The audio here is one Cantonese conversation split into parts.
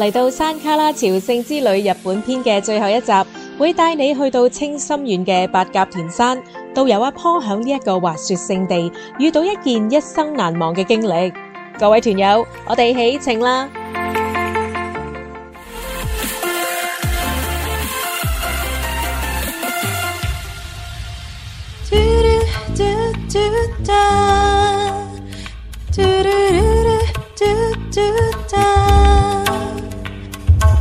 嚟到山旮旯朝聖之旅日本篇嘅最後一集，會帶你去到青森縣嘅八甲田山，導遊阿 Paul 響呢一個滑雪勝地，遇到一件一生難忘嘅經歷。各位團友，我哋起程啦！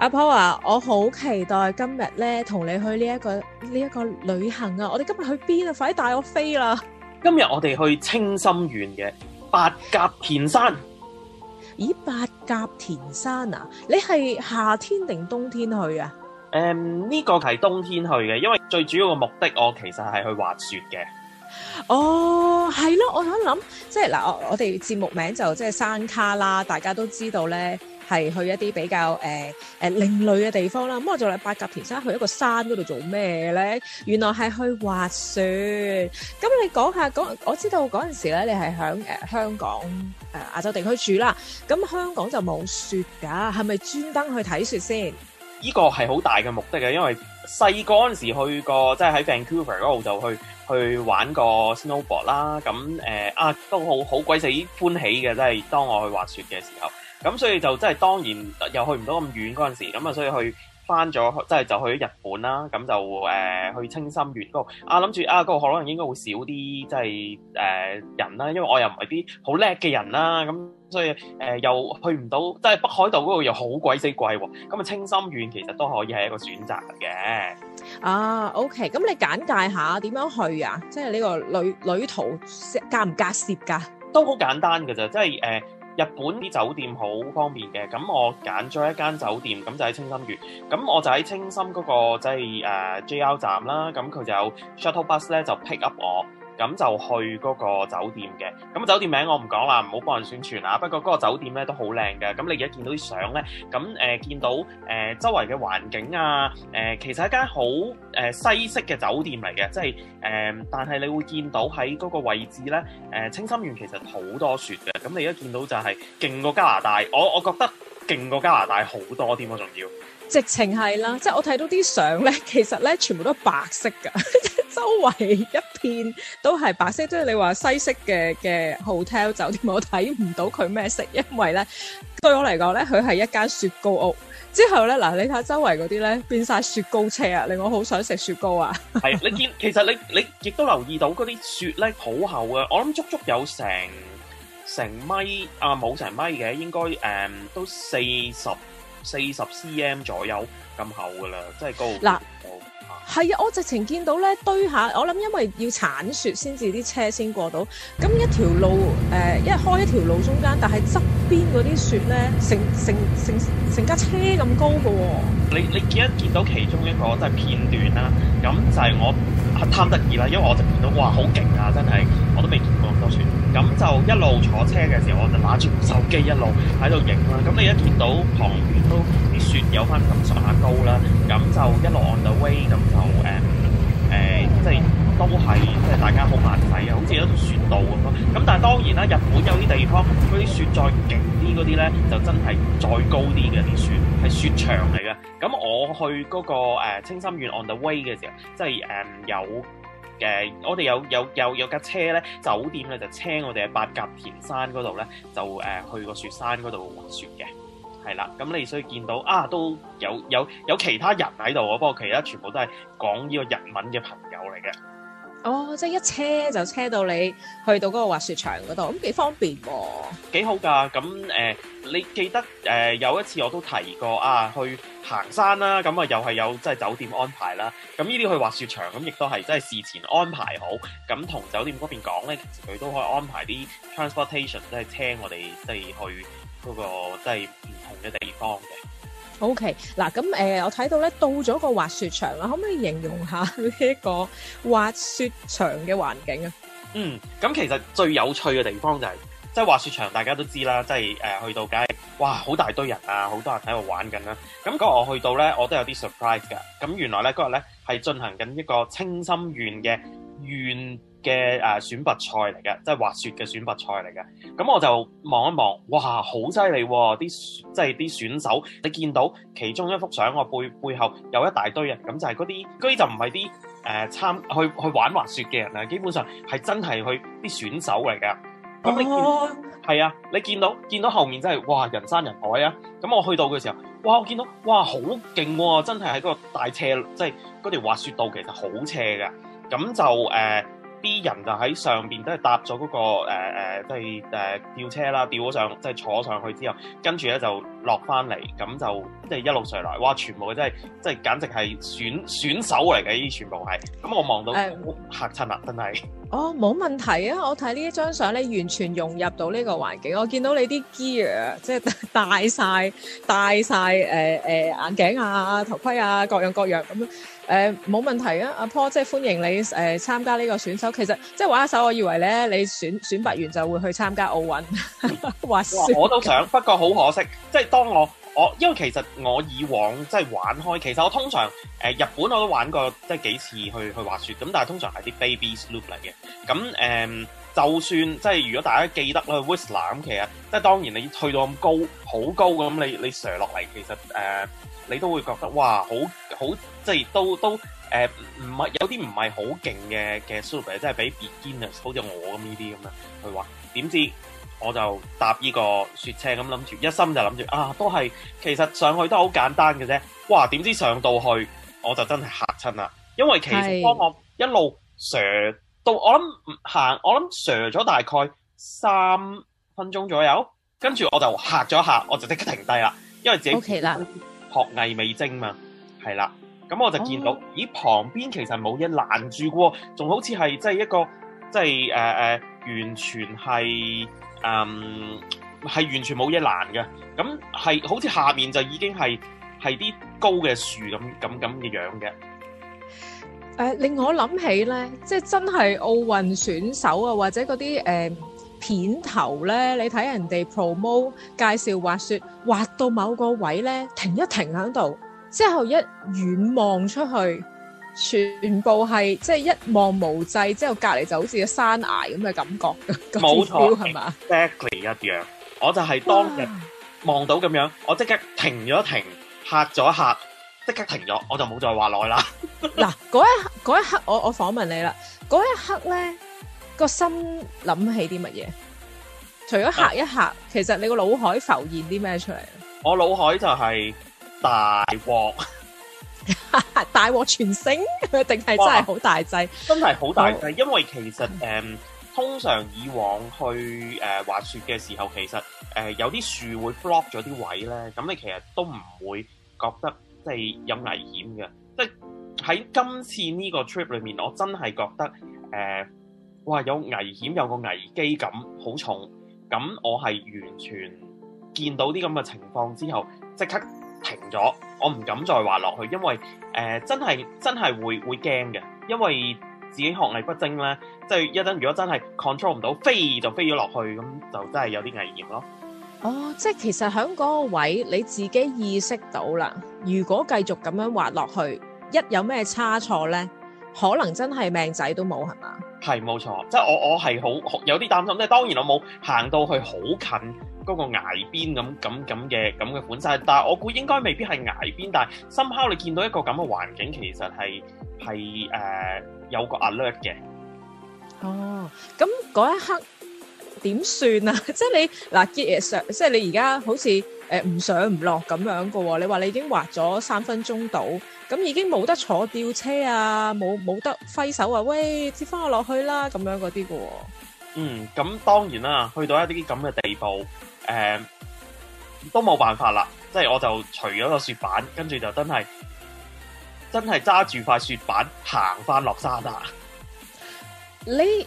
阿 Paul 啊，我好期待今日咧同你去呢、這、一個呢一、這個旅行啊！我哋今日去邊啊？快啲帶我飛啦！今日我哋去青森縣嘅八甲田山。咦？八甲田山啊？你係夏天定冬天去啊？誒、嗯、呢、這個係冬天去嘅，因為最主要嘅目的我其實係去滑雪嘅。哦，係咯，我想諗，即係嗱，我我哋節目名就即係山旮旯，大家都知道咧。係去一啲比較誒誒另類嘅地方啦。咁我就嚟八甲田山去一個山嗰度做咩咧？原來係去滑雪。咁你講下講，我知道嗰陣時咧，你係喺誒香港誒亞洲地區住啦。咁香港就冇雪㗎，係咪專登去睇雪先？呢個係好大嘅目的嘅，因為細個嗰陣時去過，即係喺 Vancouver 嗰度就去去玩過 snowboard 啦。咁誒啊，都好好鬼死歡喜嘅，即係當我去滑雪嘅時候。咁所以就真係當然又去唔到咁遠，嗰陣時，咁啊所以去返咗，即係、就是、就去咗日本啦。咁就誒、呃、去青森嗰度啊，諗住啊嗰個可能應該會少啲，即係誒人啦，因為我又唔係啲好叻嘅人啦，咁所以誒、呃、又去唔到，即、就、係、是、北海道嗰度又好鬼死貴喎、啊。咁啊青森其實都可以係一個選擇嘅。啊，OK，咁你簡介下點樣去啊？即係呢個旅旅途夾唔夾攝㗎？格格都好簡單㗎咋，即係誒。呃日本啲酒店好方便嘅，咁我揀咗一間酒店，咁就喺青森縣。咁我就喺青森嗰、那個即係、就是呃、JR 站啦，咁佢就有 shuttle bus 咧就 pick up 我。咁就去嗰個酒店嘅，咁酒店名我唔講啦，唔好幫人宣傳啊。不過嗰個酒店咧都好靚嘅，咁你而家、呃、見到啲相咧，咁誒見到誒周圍嘅環境啊，誒、呃、其實一間好誒西式嘅酒店嚟嘅，即係誒，但係你會見到喺嗰個位置咧，誒青森縣其實好多雪嘅，咁你而家見到就係勁過加拿大，我我覺得勁過加拿大好多添，直是就是、我仲要直情係啦，即係我睇到啲相咧，其實咧全部都白色㗎。 周圍一片都係白色，即係你話西式嘅嘅 hotel 酒店，我睇唔到佢咩色，因為咧對我嚟講咧，佢係一間雪糕屋。之後咧，嗱，你睇下周圍嗰啲咧變晒雪糕車啊，令我好想食雪糕啊！係啊，你見其實你你亦都留意到嗰啲雪咧好厚嘅，我諗足足有成成米啊，冇成米嘅，應該誒都四十四十 cm 左右咁厚噶啦，真係高嗱。係啊，我直情見到咧堆下，我諗因為要鏟雪先至啲車先過到，咁一條路因、呃、一開一條路中間，但係側邊嗰啲雪咧，成成成成架車咁高噶喎、哦！你你見一見到其中一個都係、就是、片段啦，咁就係我貪得意啦，因為我就見到，哇，好勁啊！真係我都未見過咁多雪。咁就一路坐車嘅時候，我就拿住部手機一路喺度影啦。咁你一見到旁邊都啲雪有翻咁上下高啦，咁就一路 on the way 咁就誒、嗯嗯、即係都係即係大家好麻煩仔嘅好似喺度雪道咁咯。咁但係當然啦，日本有啲地方嗰啲雪再勁啲，嗰啲咧就真係再高啲嘅啲雪係雪場嚟嘅。咁我去嗰、嗰個、啊、清心園 on the way 嘅時候，即係、嗯、有。誒，我哋有有有有架車咧，酒店咧就車我哋喺八甲田山嗰度咧，就、呃、去個雪山嗰度滑雪嘅，係啦。咁你所以見到啊，都有有有其他人喺度啊，不過其他全部都係講呢個日文嘅朋友嚟嘅。哦，即係一車就車到你去到嗰個滑雪場嗰度，咁幾方便喎，幾好噶咁誒、呃，你記得誒、呃，有一次我都提過啊，去行山啦，啊，咁啊又係有即係酒店安排啦。咁呢啲去滑雪場咁亦都係即係事前安排好，咁同酒店嗰邊講咧，其實佢都可以安排啲 transportation，即係車我哋即係去嗰、嗰個即係唔同嘅地方嘅。OK，嗱咁誒，我睇到咧到咗個滑雪場啦，可唔可以形容下呢一個滑雪場嘅環境啊？嗯，咁其實最有趣嘅地方就係、是，即、就、係、是、滑雪場大家都知啦，即係誒去到街，梗係哇好大堆人啊，好多人喺度玩緊啦。咁嗰日我去到咧，我都有啲 surprise 㗎。咁、那個、原來咧嗰日咧係進行緊一個清心園嘅園。嘅誒選拔賽嚟嘅，即係滑雪嘅選拔賽嚟嘅。咁我就望一望，哇，好犀利喎！啲即係啲選手，你見到其中一幅相，我背背後有一大堆人。咁就係嗰啲，居然就唔係啲誒參去去玩滑雪嘅人啊，基本上係真係去啲選手嚟嘅。咁你係、oh. 啊？你見到見到後面真係哇人山人海啊！咁我去到嘅時候，哇！我見到哇好勁喎，真係喺嗰個大斜，即係嗰條滑雪道其實好斜嘅。咁就誒。呃啲人就喺上面、那個，都係搭咗嗰個誒即係吊車啦，吊咗上即係坐上去之後，跟住咧就落翻嚟，咁就即係一路上來，哇！全部嘅真係，即係簡直係選選手嚟嘅，呢啲全部係。咁我望到嚇親啊，哎、真係。哦，冇問題啊！我睇呢一張相咧，你完全融入到呢個環境。我見到你啲 gear，即係戴曬戴曬誒誒眼鏡啊、頭盔啊，各樣各樣咁樣。誒冇、呃、問題啊，阿 Paul，即係歡迎你誒、呃、參加呢個選手。其實即係玩一手，我以為咧你選選拔完就會去參加奧運呵呵滑雪。我都想，不過好可惜。即係當我我，因為其實我以往即係玩開，其實我通常誒、呃、日本我都玩過即係幾次去去滑雪。咁但係通常係啲 baby slope 嚟嘅。咁誒、呃，就算即係如果大家記得啦，Whistler 咁，其實即係當然你去到咁高，好高咁，你你 ski 落嚟，其實誒。你都會覺得哇，好好即係都都誒唔係有啲唔係好勁嘅嘅 super，即係比 beginners 好似我咁呢啲咁樣,樣去玩。點知我就搭呢個雪車咁諗住，一心就諗住啊，都係其實上去都好簡單嘅啫。哇！點知上到去我就真係嚇親啦，因為其實當我一路斜是到我諗行，我諗斜咗大概三分鐘左右，跟住我就嚇咗一下，我就即刻停低啦，因為自己 OK 啦。學藝未精嘛，係啦，咁我就見到，哦、咦，旁邊其實冇嘢攔住嘅，仲好似係即係一個，即係誒誒，完全係，嗯、呃，係完全冇嘢攔嘅，咁係好似下面就已經係係啲高嘅樹咁咁咁嘅樣嘅。誒、呃，令我諗起咧，即係真係奧運選手啊，或者嗰啲誒。呃片頭咧，你睇人哋 promo 介紹滑雪，滑到某個位咧，停一停喺度，之後一遠望出去，全部係即係一望無際，之後隔籬就好似個山崖咁嘅感覺嘅，冇錯係嘛？石地一樣。我就係當日望到咁樣，我 即刻停咗停，吓咗吓，即刻停咗，我就冇再滑耐啦。嗱，嗰一一刻，我我訪問你啦，嗰一刻咧。個心諗起啲乜嘢？除咗嚇一吓，哦、其實你個腦海浮現啲咩出嚟？我腦海就係大鑊 大獲全勝，定係真係好大劑？真係好大劑。哦、因為其實誒、嗯嗯，通常以往去誒滑雪嘅時候，其實誒、呃、有啲樹會 block 咗啲位咧。咁你其實都唔會覺得即係有危險嘅。即係喺今次呢個 trip 裏面，我真係覺得誒。呃哇！有危險，有個危機感，好重。咁我係完全見到啲咁嘅情況之後，即刻停咗。我唔敢再滑落去，因為、呃、真係真係會會驚嘅，因為自己學藝不精咧。即係一陣，如果真係 control 唔到，飛就飛咗落去，咁就真係有啲危險咯。哦，即係其實喺嗰個位，你自己意識到啦。如果繼續咁樣滑落去，一有咩差錯咧？可能真係命仔都冇係嘛？係冇錯，即係我我係好有啲擔心，即當然我冇行到去好近嗰個崖邊咁咁咁嘅咁嘅款式，但係我估應該未必係崖邊，但係 somehow 你見到一個咁嘅環境，其實係係誒有個 alert 嘅。哦，咁嗰一刻點算 啊？Guess, 即係你嗱，跌、呃、上，即係你而家好似誒唔上唔落咁樣噶喎、哦？你話你已經滑咗三分鐘到。咁已經冇得坐吊車啊，冇冇得揮手啊，喂，接翻我落去啦，咁樣嗰啲喎。嗯，咁當然啦，去到一啲咁嘅地步，誒、呃，都冇辦法啦。即係我就除咗個雪板，跟住就真係真係揸住塊雪板行翻落山啦。你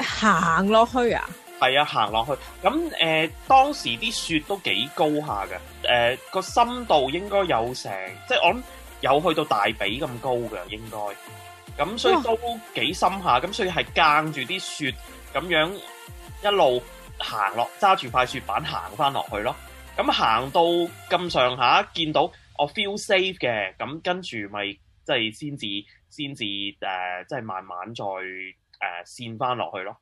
行落去啊？係啊，行落去。咁誒、呃，當時啲雪都幾高下嘅，誒、呃，個深度應該有成，即係我諗。有去到大髀咁高嘅，應該咁，所以都幾深、哦、下，咁所以係硬住啲雪咁樣一路行落，揸住塊雪板行翻落去咯。咁行到咁上下，見到我 feel safe 嘅，咁跟住咪即係先至先至誒，即、就、係、是就是就是就是、慢慢再誒跣翻落去咯。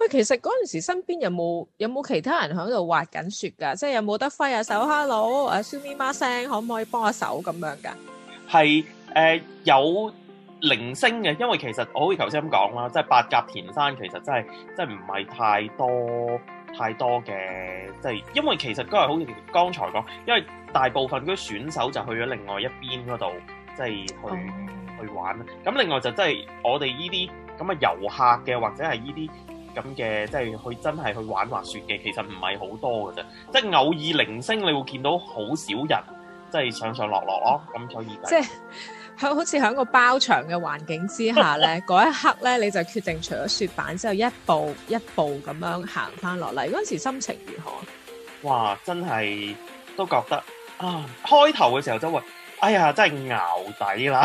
喂，其實嗰陣時身邊有冇有冇其他人喺度滑緊雪噶？即係有冇得揮下手 hello，sumimasen，可唔可以幫下手咁樣噶？係誒、呃、有零星嘅，因為其實我好似頭先咁講啦，即係八甲田山其實真係真係唔係太多太多嘅，即係因為其實都係好似剛才講，因為大部分嗰啲選手就去咗另外一邊嗰度，即係去的去玩。咁另外就真係我哋呢啲咁嘅遊客嘅，或者係呢啲咁嘅，即係去真係去玩滑雪嘅，其實唔係好多㗎啫，即係偶爾零星你會見到好少人。即係上上落落咯咁所以即係喺好似喺個包場嘅環境之下咧嗰 一刻咧你就決定除咗雪板之後，一步一步咁樣行翻落嚟。嗰時心情如何？哇！真係都覺得啊，開頭嘅時候真係，哎呀，真係淆底啦！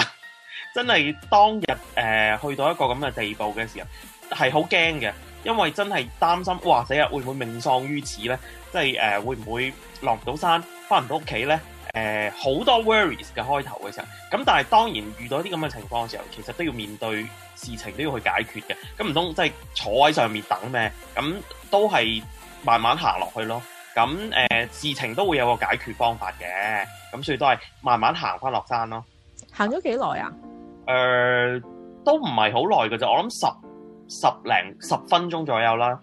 真係當日誒、呃、去到一個咁嘅地步嘅時候，係好驚嘅，因為真係擔心哇，死日會唔會命喪於此咧？即係誒，會唔會落唔到山，翻唔到屋企咧？誒，好、呃、多 worries 嘅，開頭嘅時候，咁但係當然遇到啲咁嘅情況嘅時候，其實都要面對事情，都要去解決嘅，咁唔通即係坐喺上面等咩？咁都係慢慢行落去咯。咁誒、呃，事情都會有個解決方法嘅，咁所以都係慢慢行翻落山咯。行咗幾耐啊？誒、呃，都唔係好耐㗎啫，我諗十十零十分鐘左右啦。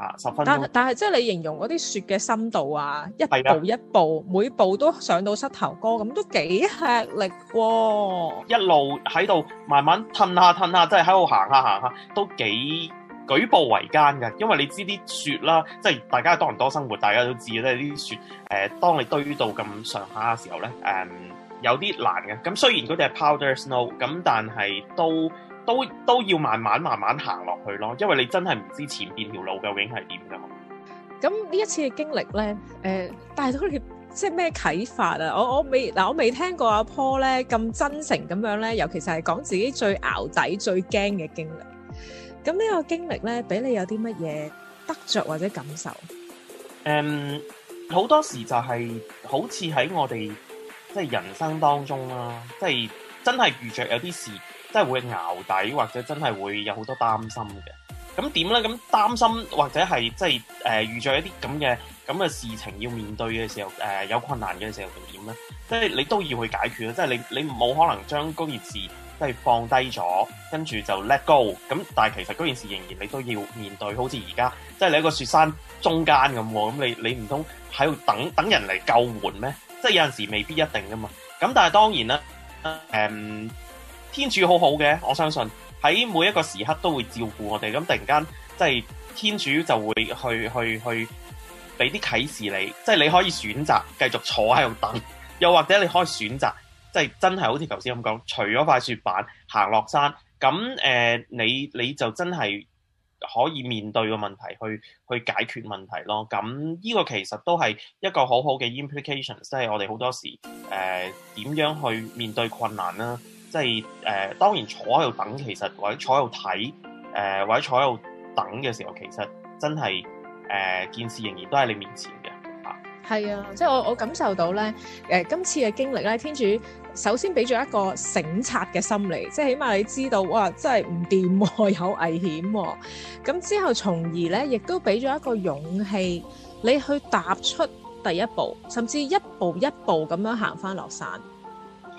啊，十分。但係但係，即係你形容嗰啲雪嘅深度啊，一步一步，啊、每步都上到膝頭哥咁，噉都幾吃力喎、哦。一路喺度慢慢褪下褪下，即係喺度行下行下，都幾舉步維艱嘅。因為你知啲雪啦，即係大家多唔多生活，大家都知啦。啲雪誒、呃，當你堆到咁上下嘅時候咧、嗯，有啲難嘅。咁雖然嗰啲係 powder snow，咁但係都。都都要慢慢慢慢行落去咯，因為你真係唔知前邊條路究竟係點噶。咁呢一次嘅經歷咧，誒，但係都係即係咩啟發啊？我我未嗱，我未聽過阿 Paul 咧咁真誠咁樣咧，尤其是係講自己最淆底、最驚嘅經歷。咁呢個經歷咧，俾你有啲乜嘢得着或者感受？誒，好多時就係好似喺我哋即係人生當中啦，即係真係遇着有啲事。真係會淆底，或者真係會有好多擔心嘅。咁點呢？咁擔心或者係即係誒遇咗一啲咁嘅咁嘅事情要面對嘅時候，誒、呃、有困難嘅時候點呢？即係你都要去解決，即係你你冇可能將嗰件事即係放低咗，跟住就 let go。咁但係其實嗰件事仍然你都要面對，好似而家即係你喺個雪山中間咁喎。咁你你唔通喺度等等人嚟救援咩？即係有陣時未必一定噶嘛。咁但係當然啦，誒、呃。天主好好嘅，我相信喺每一個時刻都會照顧我哋。咁突然間，即係天主就會去去去俾啲啟示你，即係你可以選擇繼續坐喺度等，又或者你可以選擇，即係真係好似頭先咁講，除咗塊雪板行落山。咁誒，你你就真係可以面對個問題，去去解決問題咯。咁呢個其實都係一個好好嘅 implication，即係我哋好多時誒點樣去面對困難啦。即係誒，當然坐喺度等，其實或者坐喺度睇，誒、呃、或者坐喺度等嘅時候，其實真係誒件事仍然都喺你面前嘅。係啊，啊，即係我我感受到咧，誒、呃、今次嘅經歷咧，天主首先俾咗一個醒察嘅心理，即係起碼你知道哇，真係唔掂喎，有危險喎。咁之後從而咧，亦都俾咗一個勇氣，你去踏出第一步，甚至一步一步咁樣行翻落山。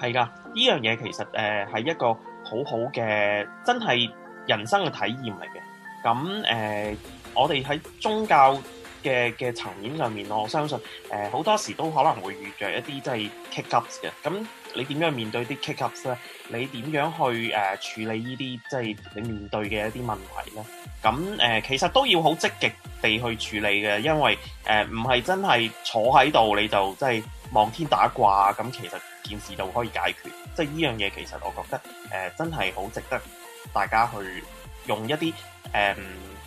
係噶，呢樣嘢其實誒係、呃、一個好好嘅，真係人生嘅體驗嚟嘅。咁、嗯、誒、呃，我哋喺宗教嘅嘅層面上面，我相信誒好、呃、多時都可能會遇着一啲即係 kick ups 嘅。咁、嗯、你點樣面對啲 kick ups 咧？你點樣去誒、呃、處理呢啲即係你面對嘅一啲問題咧？咁、嗯、誒、呃，其實都要好積極地去處理嘅，因為誒唔係真係坐喺度你就即係望天打卦咁、嗯，其實。件事就可以解決，即係呢樣嘢，其實我覺得誒、呃，真係好值得大家去用一啲誒、呃、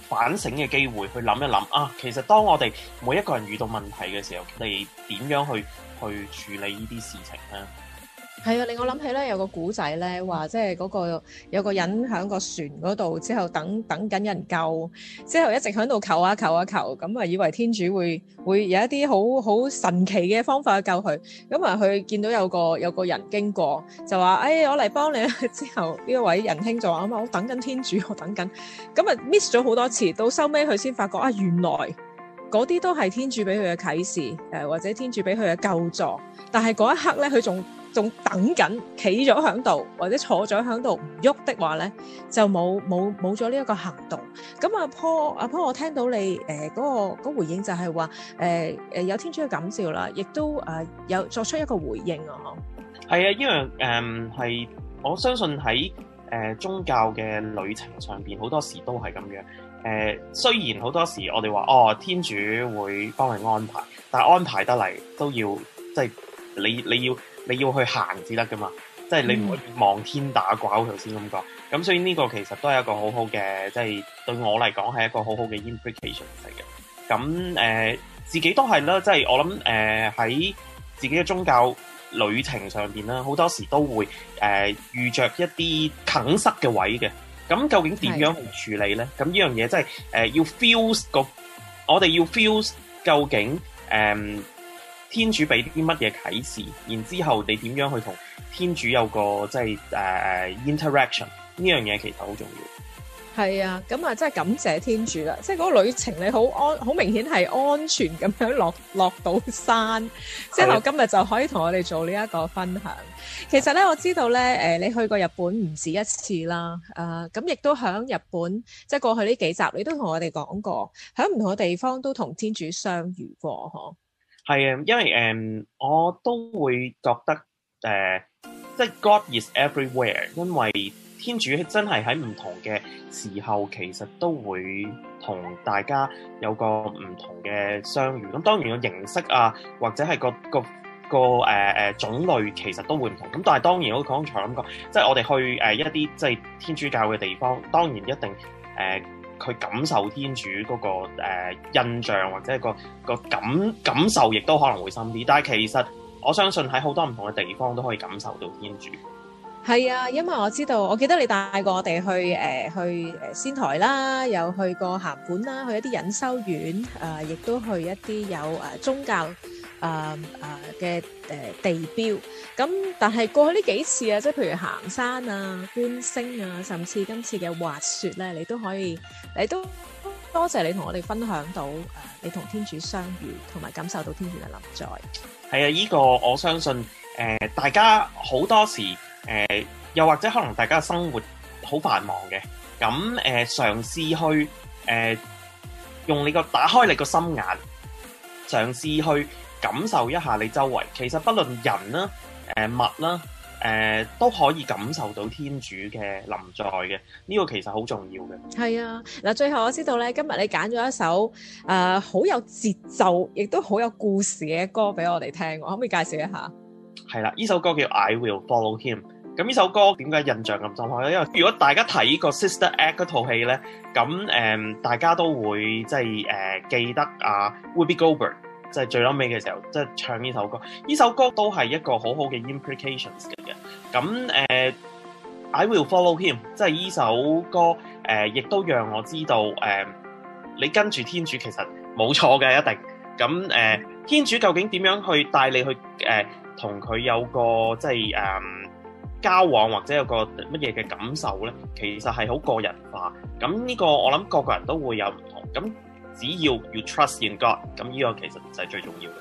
反省嘅機會去諗一諗啊！其實當我哋每一個人遇到問題嘅時候，你點樣去去處理呢啲事情咧？係啊，令我諗起咧，有個古仔咧，話即係嗰個有個人喺個船嗰度，之後等等緊人救，之後一直喺度求啊求啊求，咁啊以為天主會會有一啲好好神奇嘅方法去救佢，咁啊佢見到有個有個人經過，就話誒，我嚟幫你，之後呢一位仁兄就話啊我等緊天主，我等緊，咁啊 miss 咗好多次，到收尾佢先發覺啊原來嗰啲都係天主俾佢嘅啟示誒，或者天主俾佢嘅救助，但係嗰一刻咧，佢仲。仲等緊，企咗喺度，或者坐咗喺度唔喐的話咧，就冇冇冇咗呢一個行動。咁阿 Paul，阿 Paul，我聽到你嗰、呃那個那個回應就係話、呃、有天主嘅感召啦，亦都啊、呃、有作出一個回應啊！嚇，係啊，因為誒係、嗯、我相信喺、呃、宗教嘅旅程上面，好多時都係咁樣。誒、呃、雖然好多時我哋話哦，天主會幫你安排，但係安排得嚟都要即係、就是、你你要。你要去行先得噶嘛，即係你唔會望天打卦，頭先咁講，咁、嗯、所以呢個其實都係一個好好嘅，即、就、係、是、對我嚟講係一個好好嘅 implication 嚟嘅。咁誒、呃，自己都係啦，即、就、係、是、我諗誒喺自己嘅宗教旅程上邊啦，好多時都會誒、呃、遇着一啲梗塞嘅位嘅，咁究竟點樣去處理咧？咁呢樣嘢即係誒要 feel 個，我哋要 feel 究竟誒。呃天主俾啲乜嘢啟示，然之後你點樣去同天主有個即係誒誒 interaction 呢樣嘢，其實好重要。係啊，咁啊真係感謝天主啦！即係嗰個旅程，你好安好明顯係安全咁樣落落到山，即係我今日就可以同我哋做呢一個分享。其實咧，我知道咧，誒你去過日本唔止一次啦，誒咁亦都喺日本即係、就是、過去呢幾集，你都同我哋講過喺唔同嘅地方都同天主相遇過嗬。係啊，因為誒、嗯，我都會覺得誒、呃，即係 God is everywhere，因為天主真係喺唔同嘅時候，其實都會同大家有個唔同嘅相遇。咁當然個形式啊，或者係個個個誒誒、呃、種類，其實都會唔同。咁但係當然我剛才咁講，即係我哋去誒、呃、一啲即係天主教嘅地方，當然一定誒。呃佢感受天主嗰、那個、呃、印象或者、那個、那個感感受，亦都可能會深啲。但係其實我相信喺好多唔同嘅地方都可以感受到天主。係啊，因為我知道，我記得你帶過我哋去誒、呃、去誒仙台啦，又去過函館啦，去一啲隱修院，誒、呃、亦都去一啲有誒、呃、宗教。誒誒嘅誒地標，咁但係過去呢幾次啊，即係譬如行山啊、觀星啊，甚至今次嘅滑雪咧，你都可以，你都多謝你同我哋分享到誒，你同天主相遇，同埋感受到天主嘅臨在。係 啊，依、這個我相信誒、呃，大家好多時誒、呃，又或者可能大家生活好繁忙嘅，咁誒嘗試去誒、呃、用你個打開你個心眼，嘗試去。感受一下你周圍，其實不論人啦、啊呃、物啦、啊呃、都可以感受到天主嘅臨在嘅，呢、這個其實好重要嘅。係啊，嗱，最後我知道咧，今日你揀咗一首誒好、呃、有節奏，亦都好有故事嘅歌俾我哋聽，我可唔可以介紹一下？係啦、啊，呢首歌叫 I Will Follow Him。咁呢首歌點解印象咁深刻咧？因為如果大家睇過 Sister Act 嗰套戲咧，咁、呃、大家都會即係、呃、記得啊 Whoopi Goldberg。呃即係最啱尾嘅時候，即係唱呢首歌。呢首歌都係一個好好嘅 implications 嘅。咁誒，I will follow him，即係呢首歌誒，亦都讓我知道誒，你跟住天主其實冇錯嘅一定。咁誒，天主究竟點樣去帶你去誒，同佢有個即係誒交往或者有個乜嘢嘅感受呢？其實係好個人化。咁呢個我諗個個人都會有唔同。咁。只要要 trust in God，咁呢個其實就係最重要嘅。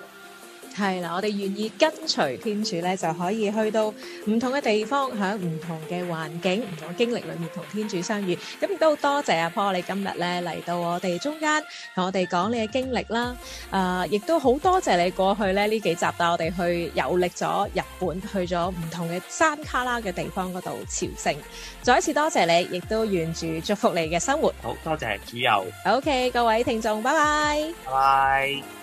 係啦，我哋願意跟隨天主咧，就可以去到唔同嘅地方，喺唔同嘅環境、唔同嘅經歷裏面同天主相遇。咁亦都多謝阿 Paul，你今日咧嚟到我哋中間，同我哋講你嘅經歷啦。誒，亦都好多謝你過去咧呢幾集帶我哋去遊歷咗日本，去咗唔同嘅山卡拉嘅地方嗰度朝聖。再一次多謝你，亦都願住祝福你嘅生活。好多謝主佑。OK，各位聽眾，拜拜。拜拜。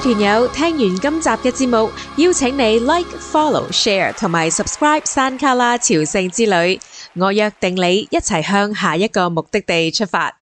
團友聽完今集嘅節目，邀請你 Like、Follow、Share 同埋 Subscribe 山旮旯朝聖之旅，我約定你一齊向下一個目的地出發。